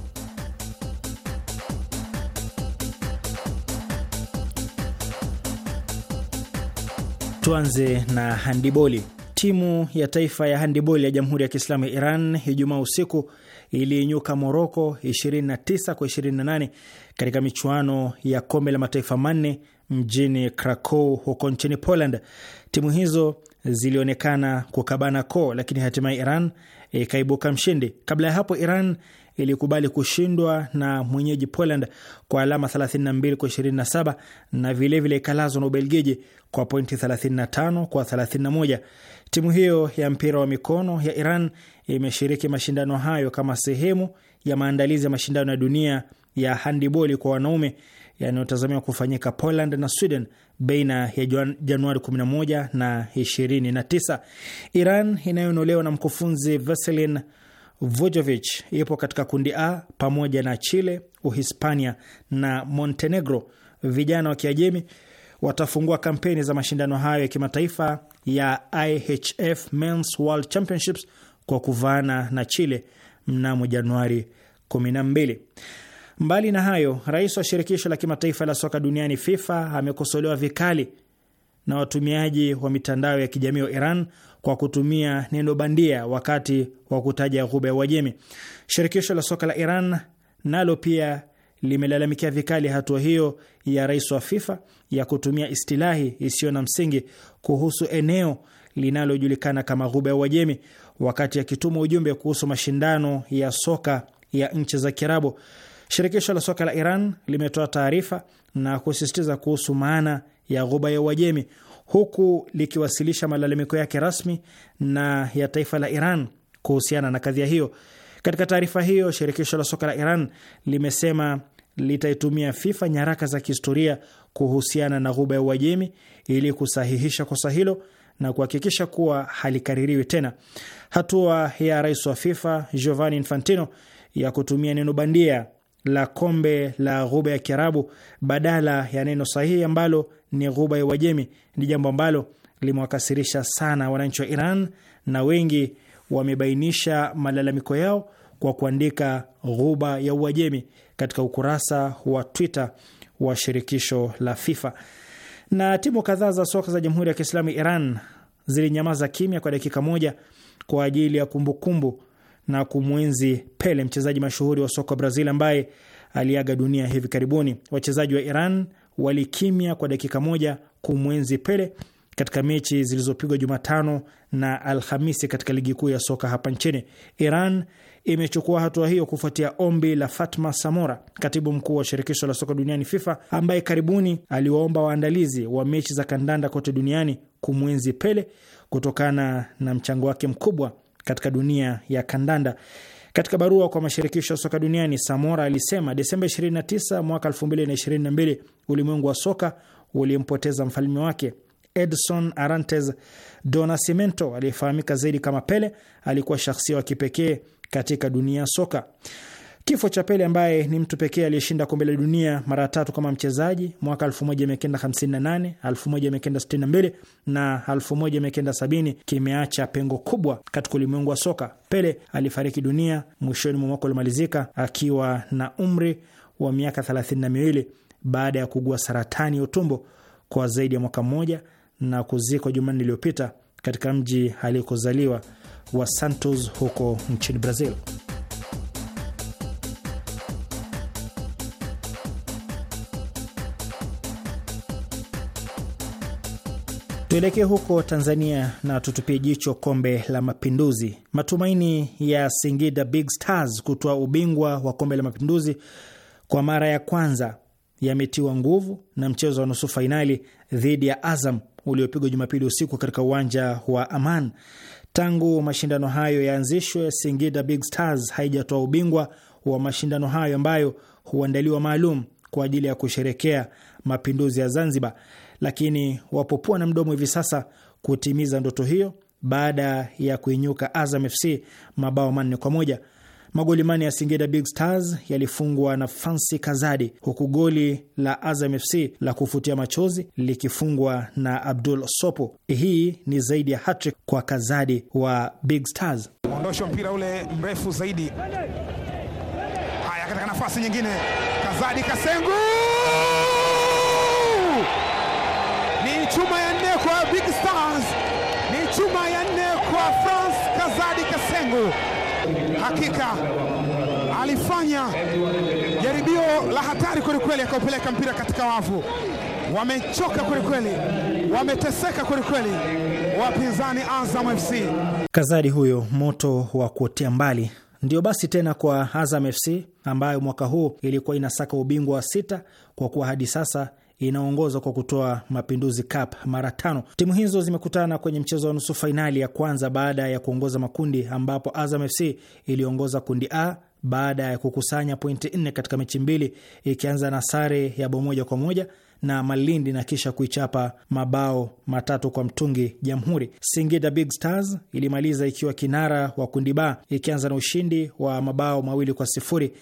Tuanze na handiboli. Timu ya taifa ya handiboli ya Jamhuri ya Kiislamu ya Iran Ijumaa usiku iliinyuka Moroko 29 kwa 28 katika michuano ya kombe la mataifa manne mjini Krakow huko nchini Poland. Timu hizo zilionekana kukabana koo, lakini hatimaye Iran ikaibuka mshindi. Kabla ya hapo, Iran ilikubali kushindwa na mwenyeji Poland kwa alama 32 kwa 27 na vilevile ikalazwa na Ubelgiji kwa pointi 35 kwa 31. Timu hiyo ya mpira wa mikono ya Iran imeshiriki mashindano hayo kama sehemu ya maandalizi ya mashindano ya dunia ya handiboli kwa wanaume yanayotazamiwa kufanyika Poland na Sweden baina ya Januari 11 na 29. Iran inayonolewa na mkufunzi Veselin Vujovic ipo katika kundi A pamoja na Chile, Uhispania na Montenegro. Vijana wa Kiajemi watafungua kampeni za mashindano hayo ya kimataifa ya IHF Men's World Championships kwa kuvaana na Chile mnamo Januari 12. Mbali na hayo, rais wa shirikisho la kimataifa la soka duniani FIFA amekosolewa vikali na watumiaji wa mitandao ya kijamii wa Iran kwa kutumia neno bandia wakati wa kutaja Ghuba ya Uajemi. Shirikisho la soka la Iran nalo pia limelalamikia vikali hatua hiyo ya rais wa FIFA ya kutumia istilahi isiyo na msingi kuhusu eneo linalojulikana kama Ghuba ya Uajemi wakati akituma ujumbe kuhusu mashindano ya soka ya nchi za Kiarabu. Shirikisho la soka la Iran limetoa taarifa na kusisitiza kuhusu maana ya Ghuba ya Uajemi, huku likiwasilisha malalamiko yake rasmi na ya taifa la Iran kuhusiana na kadhia hiyo. Katika taarifa hiyo, shirikisho la soka la Iran limesema litaitumia FIFA nyaraka za kihistoria kuhusiana na Ghuba ya Uajemi ili kusahihisha kosa hilo na kuhakikisha kuwa halikaririwi tena. Hatua ya rais wa FIFA Giovanni Infantino ya kutumia neno bandia la kombe la Ghuba ya Kiarabu badala ya neno sahihi ambalo ni Ghuba ya Uajemi ni jambo ambalo limewakasirisha sana wananchi wa Iran na wengi wamebainisha malalamiko yao kwa kuandika Ghuba ya Uajemi katika ukurasa wa Twitter wa shirikisho la FIFA. Na timu kadhaa za soka za Jamhuri ya Kiislamu Iran zilinyamaza kimya kwa dakika moja kwa ajili ya kumbukumbu kumbu na kumwenzi Pele, mchezaji mashuhuri wa soka wa Brazil ambaye aliaga dunia hivi karibuni. Wachezaji wa Iran walikimya kwa dakika moja kumwenzi Pele katika mechi zilizopigwa Jumatano na Alhamisi katika ligi kuu ya soka hapa nchini. Iran imechukua hatua hiyo kufuatia ombi la Fatma Samora, katibu mkuu wa shirikisho la soka duniani FIFA, ambaye karibuni aliwaomba waandalizi wa mechi za kandanda kote duniani kumwenzi Pele kutokana na mchango wake mkubwa katika dunia ya kandanda. Katika barua kwa mashirikisho ya soka duniani, Samora alisema Desemba 29 mwaka 2022 ulimwengu wa soka ulimpoteza mfalme wake Edson Arantes do Nascimento, aliyefahamika zaidi kama Pele. Alikuwa shahsia wa kipekee katika dunia ya soka. Kifo cha Pele ambaye ni mtu pekee aliyeshinda kombe la dunia mara tatu kama mchezaji mwaka 1958, 1962 na 1970 kimeacha pengo kubwa katika ulimwengu wa soka. Pele alifariki dunia mwishoni mwa mwaka uliomalizika akiwa na umri wa miaka 32 baada ya kugua saratani ya utumbo kwa zaidi ya mwaka mmoja na kuzikwa Jumanne iliyopita katika mji alikozaliwa wa Santos huko nchini Brazil. Tuelekee huko Tanzania na tutupie jicho kombe la mapinduzi. Matumaini ya Singida Big Stars kutoa ubingwa wa kombe la mapinduzi kwa mara ya kwanza yametiwa nguvu na mchezo wa nusu fainali dhidi ya Azam uliopigwa Jumapili usiku katika uwanja wa Aman. Tangu mashindano hayo yaanzishwe, Singida Big Stars haijatoa ubingwa wa mashindano hayo ambayo huandaliwa maalum kwa ajili ya kusherekea mapinduzi ya Zanzibar lakini wapopua na mdomo hivi sasa kutimiza ndoto hiyo baada ya kuinyuka Azam FC mabao manne kwa moja. Magoli manne ya Singida Big Stars yalifungwa na fansi Kazadi, huku goli la Azam FC la kufutia machozi likifungwa na Abdul Sopo. Hii ni zaidi ya hatrick kwa Kazadi wa Big Stars. Ondosho mpira ule mrefu zaidi. Haya, katika nafasi nyingine Kazadi Kasengu chuma ya nne kwa Big Stars, ni chuma ya nne kwa France Kazadi Kasengo. Hakika alifanya jaribio la hatari kwelikweli, akaupeleka mpira katika wavu. Wamechoka kwelikweli, wameteseka kwelikweli wapinzani Azam FC. Kazadi huyo moto wa kuotea mbali. Ndiyo basi tena kwa Azam FC ambayo mwaka huu ilikuwa inasaka ubingwa wa sita, kwa kuwa hadi sasa inaongoza kwa kutoa Mapinduzi Cup mara tano. Timu hizo zimekutana kwenye mchezo wa nusu fainali ya kwanza baada ya kuongoza makundi, ambapo Azam FC iliongoza kundi A baada ya kukusanya pointi nne katika mechi mbili, ikianza na sare ya bao moja kwa moja na Malindi na kisha kuichapa mabao matatu kwa mtungi Jamhuri. Singida Big Stars ilimaliza ikiwa kinara wa kundi ba ikianza na ushindi wa mabao mawili kwa sifuri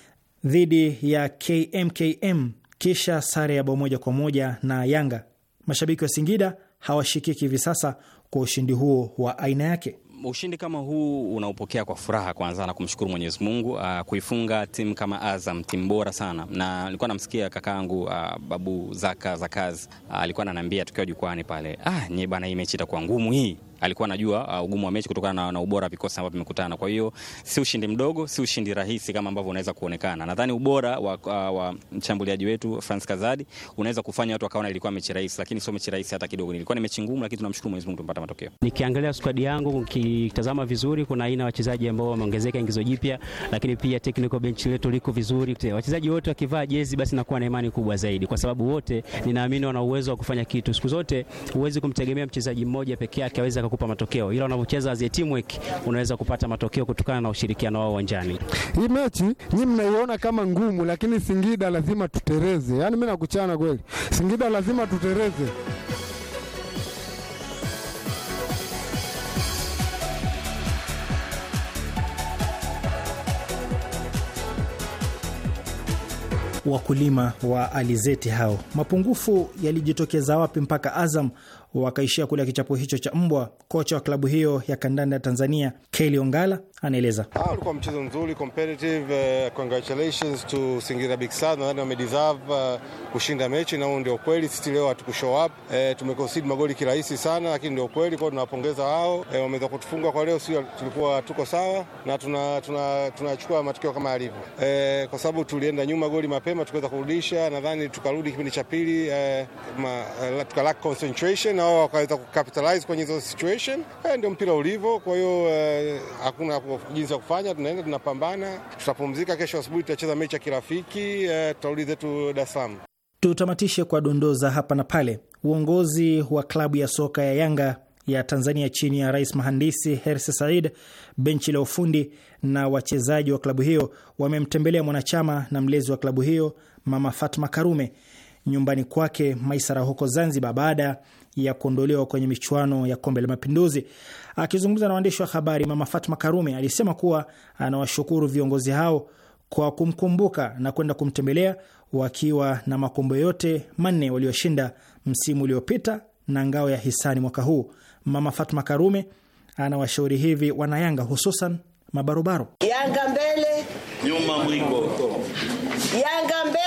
dhidi ya KMKM kisha sare ya bao moja kwa moja na Yanga. Mashabiki wa Singida hawashikiki hivi sasa kwa ushindi huo wa aina yake. Ushindi kama huu unaopokea kwa furaha kwanza na kumshukuru Mwenyezi Mungu ah, kuifunga timu kama Azam, timu bora sana. Na nilikuwa namsikia kakaangu ah, Babu Zaka Zakazi ah, alikuwa ananiambia tukiwa jukwani pale, ah, nye bana, hii mechi itakuwa ngumu hii alikuwa anajua uh, ugumu wa mechi kutokana na, na ubora vikosi ambavyo vimekutana. Kwa hiyo si ushindi mdogo, si ushindi rahisi kama ambavyo unaweza kuonekana. Nadhani ubora wa, uh, wa mshambuliaji wetu Franz Kazadi unaweza kufanya watu wakaona ilikuwa mechi rahisi, lakini sio mechi rahisi hata kidogo. Ilikuwa ni mechi ngumu, lakini tunamshukuru Mwenyezi Mungu tumepata matokeo. Nikiangalia squad yangu nikitazama vizuri, kuna aina wachezaji ambao wameongezeka ingizo jipya, lakini pia technical bench letu liko vizuri. Wachezaji wote wakivaa jezi, basi nakuwa na imani kubwa zaidi, kwa sababu wote ninaamini wana uwezo wa kufanya kitu. Siku zote huwezi kumtegemea mchezaji mmoja peke yake aweza kukupa matokeo, ila unapocheza as a teamwork unaweza kupata matokeo kutokana na ushirikiano wao uwanjani. Hii mechi nyinyi mnaiona kama ngumu, lakini Singida lazima tutereze. Yaani mimi nakuchana kweli, Singida lazima tutereze. Wakulima wa alizeti hao, mapungufu yalijitokeza wapi mpaka Azam wakaishia kula kichapo hicho cha mbwa. Kocha wa klabu hiyo ya kandanda ya Tanzania Keli Ongala anaeleza. Ah, ulikuwa mchezo mzuri competitive, uh, congratulations to Singida Big Stars. Nadhani wamedeserve uh, kushinda mechi na huo ndio kweli. Sisi leo hatukushow up, uh, eh, tumeconcede magoli kirahisi sana, lakini ndio kweli kwao, tunawapongeza wao, uh, wameweza kutufunga kwa leo. Sio tulikuwa tuko sawa na tunachukua tuna, tuna, tuna matokeo kama yalivyo, uh, kwa sababu tulienda nyuma goli mapema tukaweza kurudisha, nadhani tukarudi kipindi cha pili uh, tuka lack concentration na wao wakaweza kucapitalize kwenye hizo situation. uh, ndio mpira ulivyo, kwa hiyo uh, hakuna jinsi ya kufanya, tunaenda tunapambana, tutapumzika. Kesho asubuhi tutacheza mechi ya kirafiki, eh, tutarudi zetu Dar es Salaam. Tutamatishe kwa dondoza hapa na pale. Uongozi wa klabu ya soka ya Yanga ya Tanzania chini ya Rais Mhandisi Hersi Said, benchi la ufundi na wachezaji wa klabu hiyo wamemtembelea mwanachama na mlezi wa klabu hiyo Mama Fatma Karume nyumbani kwake Maisara huko Zanzibar baada ya kuondolewa kwenye michuano ya kombe la mapinduzi. Akizungumza na waandishi wa habari, Mama Fatma Karume alisema kuwa anawashukuru viongozi hao kwa kumkumbuka na kwenda kumtembelea wakiwa na makombe yote manne walioshinda msimu uliopita na ngao ya hisani mwaka huu. Mama Fatma Karume anawashauri hivi wanayanga, hususan mabarobaro: Yanga mbele, nyuma mwiko, Yanga mbele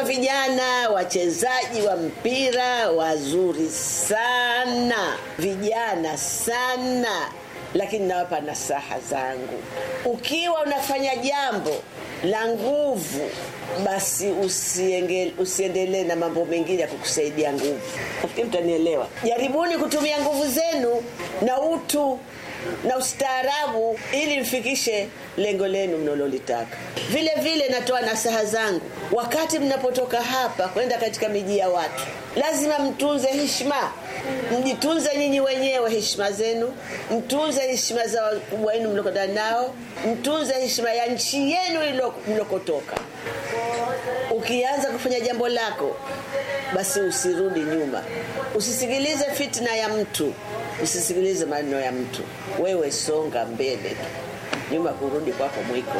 wanaitwa vijana wachezaji wa mpira wazuri sana, vijana sana, lakini nawapa nasaha zangu. Ukiwa unafanya jambo la nguvu, basi usiendelee na mambo mengine ya kukusaidia nguvu. Nafikiri mtanielewa. Jaribuni kutumia nguvu zenu na utu na ustaarabu ili mfikishe lengo lenu mnalolitaka Vile vile natoa nasaha zangu, wakati mnapotoka hapa kwenda katika miji ya watu, lazima mtunze heshima, mjitunze nyinyi wenyewe heshima zenu, mtunze heshima za wakubwa wenu mliokwenda nao, mtunze heshima ya nchi yenu mliokotoka. Ukianza kufanya jambo lako, basi usirudi nyuma, usisikilize fitna ya mtu Usisikilize maneno ya mtu, wewe songa mbele tu, nyuma kurudi kwako mwiko.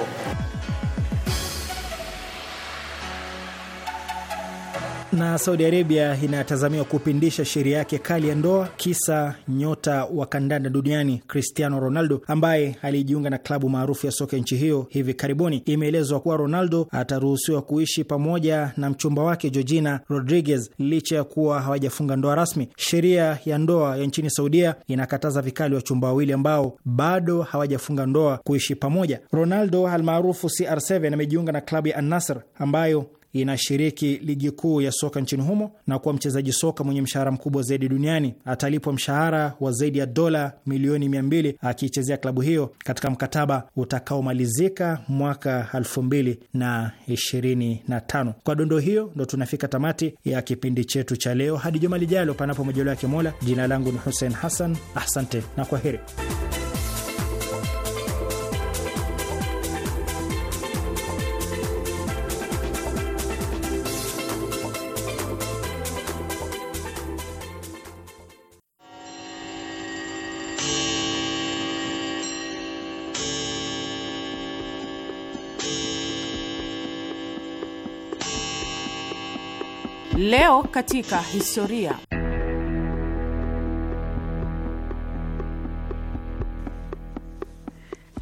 Na Saudi Arabia inatazamiwa kupindisha sheria yake kali ya ndoa, kisa nyota wa kandanda duniani Cristiano Ronaldo ambaye alijiunga na klabu maarufu ya soka nchi hiyo hivi karibuni. Imeelezwa kuwa Ronaldo ataruhusiwa kuishi pamoja na mchumba wake Georgina Rodriguez licha ya kuwa hawajafunga ndoa rasmi. Sheria ya ndoa ya nchini Saudia inakataza vikali wachumba wawili ambao bado hawajafunga ndoa kuishi pamoja. Ronaldo almaarufu CR7 amejiunga na klabu ya Al-Nassr ambayo inashiriki ligi kuu ya soka nchini humo na kuwa mchezaji soka mwenye mshahara mkubwa zaidi duniani. Atalipwa mshahara wa zaidi ya dola milioni mbili akiichezea klabu hiyo katika mkataba utakaomalizika mwaka tano. Kwa dondo hiyo, ndo tunafika tamati ya kipindi chetu cha leo. Hadi juma lijalo, panapo majaliwa yake Mola. Jina langu ni Hussein Hassan, asante na kwa heri. Leo katika historia.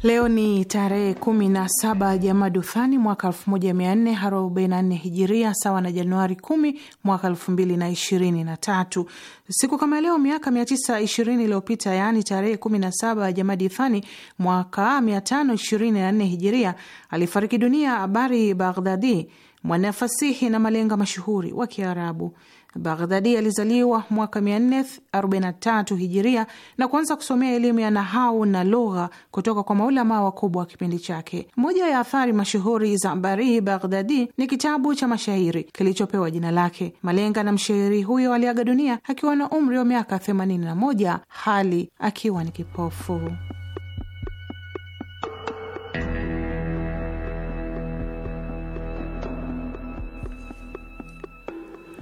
Leo ni tarehe 17 Jamaduthani mwaka 1444 Hijiria, sawa na Januari 10 mwaka 2023. Siku kama leo miaka 920 iliyopita, yaani tarehe 17 Thani mwaka 524 Hijiria, alifariki dunia Abari Baghdadi, mwanafasihi na malenga mashuhuri wa Kiarabu. Baghdadi alizaliwa mwaka 443 hijiria na kuanza kusomea elimu ya nahau na lugha kutoka kwa maulamaa wakubwa wa kipindi chake. Moja ya athari mashuhuri za Barihi Baghdadi ni kitabu cha mashairi kilichopewa jina lake. Malenga na mshairi huyo aliaga dunia akiwa na umri wa miaka 81 hali akiwa ni kipofu.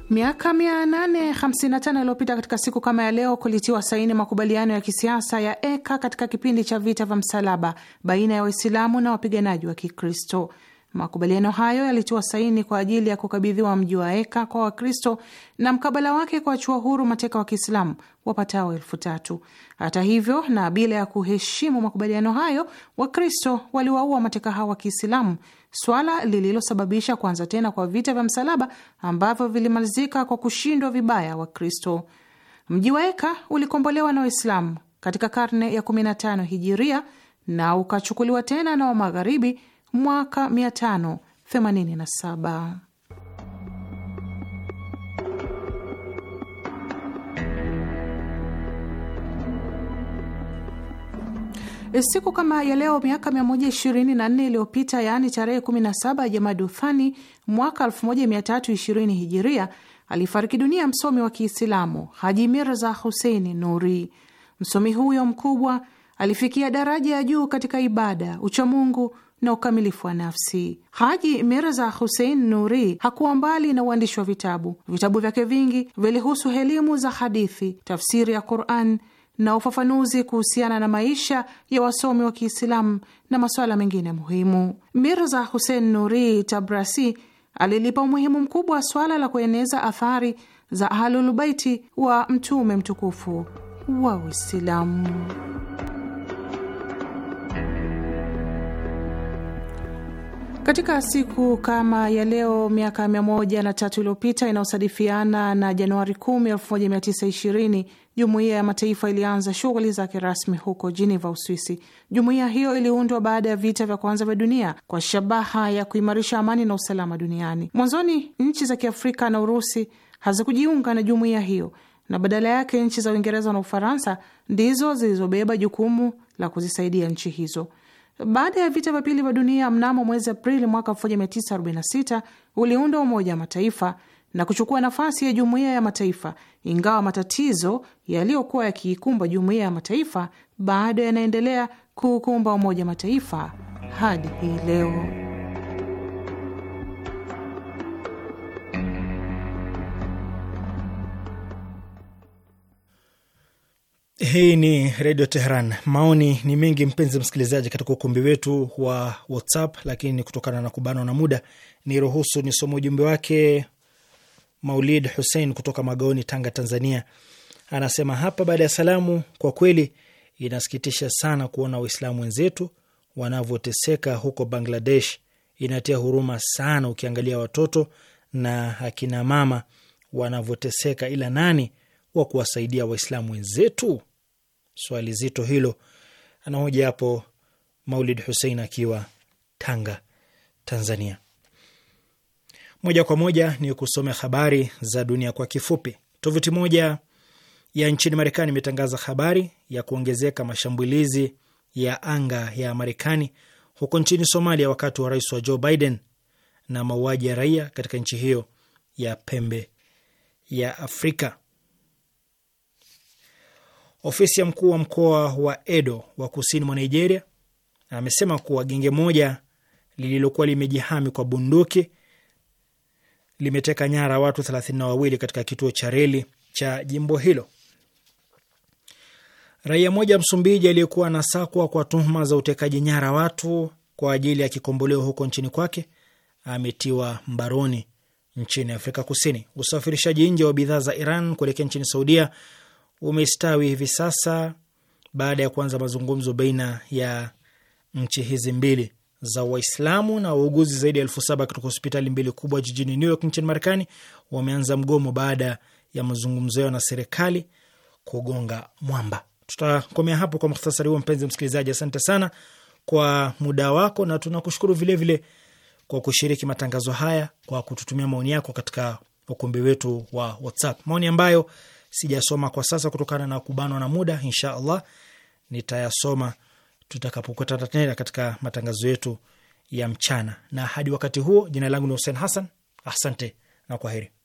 Miaka 855 iliyopita katika siku kama ya leo kulitiwa saini makubaliano ya kisiasa ya Eka katika kipindi cha vita vya msalaba baina ya Waislamu na wapiganaji wa Kikristo. Makubaliano hayo yalitiwa saini kwa ajili ya kukabidhiwa mji wa Eka kwa Wakristo na mkabala wake kuachua huru mateka wa Kiislamu wapatao elfu tatu. Hata hivyo, na bila ya kuheshimu makubaliano hayo, Wakristo waliwaua mateka hao wa Kiislamu swala lililosababisha kuanza tena kwa vita vya msalaba ambavyo vilimalizika kwa kushindwa vibaya Wakristo. Mji wa Eka ulikombolewa na Waislamu katika karne ya 15 hijiria na ukachukuliwa tena na Wamagharibi mwaka 587. E, siku kama ya leo miaka 124 iliyopita, yaani tarehe 17 Jamaduthani mwaka 1320 Hijiria, alifariki dunia msomi wa Kiislamu Haji Mirza Huseini Nuri. Msomi huyo mkubwa alifikia daraja ya juu katika ibada, uchamungu na ukamilifu wa nafsi. Haji Mirza Husein Nuri hakuwa mbali na uandishi wa vitabu. Vitabu vyake vingi vilihusu elimu za hadithi, tafsiri ya Quran na ufafanuzi kuhusiana na maisha ya wasomi wa Kiislamu na masuala mengine muhimu. Mirza Hussein Nuri Tabrasi alilipa umuhimu mkubwa wa swala la kueneza athari za Ahlulbaiti wa Mtume mtukufu wa Uislamu. Katika siku kama ya leo miaka mia moja na tatu iliyopita inayosadifiana na Januari 10, 1920 Jumuiya ya Mataifa ilianza shughuli zake rasmi huko Geneva, Uswisi. Jumuiya hiyo iliundwa baada ya vita vya kwanza vya dunia kwa shabaha ya kuimarisha amani na usalama duniani. Mwanzoni nchi za Kiafrika na Urusi hazikujiunga na jumuiya hiyo, na badala yake nchi za Uingereza na Ufaransa ndizo zilizobeba jukumu la kuzisaidia nchi hizo. Baada ya vita vya pili vya dunia mnamo mwezi Aprili mwaka 1946 uliunda Umoja wa Mataifa na kuchukua nafasi ya Jumuiya ya Mataifa, ingawa matatizo yaliyokuwa yakiikumba Jumuiya ya Mataifa bado yanaendelea kuukumba Umoja wa Mataifa hadi hii leo. Hii ni Redio Teheran. Maoni ni mengi, mpenzi msikilizaji, katika ukumbi wetu wa WhatsApp, lakini kutokana na kubanwa na muda, ni ruhusu nisome ujumbe wake. Maulid Hussein kutoka Magaoni, Tanga, Tanzania, anasema hapa, baada ya salamu, kwa kweli inasikitisha sana kuona Waislamu wenzetu wanavyoteseka huko Bangladesh. Inatia huruma sana ukiangalia watoto na akina mama wanavyoteseka, ila nani wa kuwasaidia Waislamu wenzetu? swali zito hilo. Anahoja hapo Maulid Hussein akiwa Tanga, Tanzania. Moja kwa moja ni kusome habari za dunia kwa kifupi. Tovuti moja ya nchini Marekani imetangaza habari ya kuongezeka mashambulizi ya anga ya Marekani huko nchini Somalia wakati wa rais wa Joe Biden na mauaji ya raia katika nchi hiyo ya pembe ya Afrika. Ofisi ya mkuu wa mkoa wa Edo wa kusini mwa Nigeria amesema kuwa genge moja lililokuwa limejihami kwa bunduki limeteka nyara watu thelathini na wawili katika kituo cha reli cha jimbo hilo. Raia mmoja Msumbiji aliyekuwa anasakwa kwa tuhuma za utekaji nyara watu kwa ajili ya kikomboleo huko nchini kwake ametiwa mbaroni nchini Afrika Kusini. Usafirishaji nje wa bidhaa za Iran kuelekea nchini Saudia umestawi hivi sasa baada ya kuanza mazungumzo baina ya nchi hizi mbili za Waislamu. Na wauguzi zaidi ya elfu saba kutoka hospitali mbili kubwa jijini New York nchini Marekani wameanza mgomo baada ya mazungumzo yao na serikali kugonga mwamba. Tutakomea hapo kwa mukhtasari huo, mpenzi msikilizaji. Asante sana kwa muda wako na tunakushukuru vilevile kwa kushiriki matangazo haya kwa kututumia maoni yako katika ukumbi wetu wa WhatsApp, maoni ambayo sijasoma kwa sasa kutokana na kubanwa na muda. Insha allah nitayasoma tutakapokutana tena katika matangazo yetu ya mchana, na hadi wakati huo, jina langu ni Hussein Hassan. Asante na kwaheri.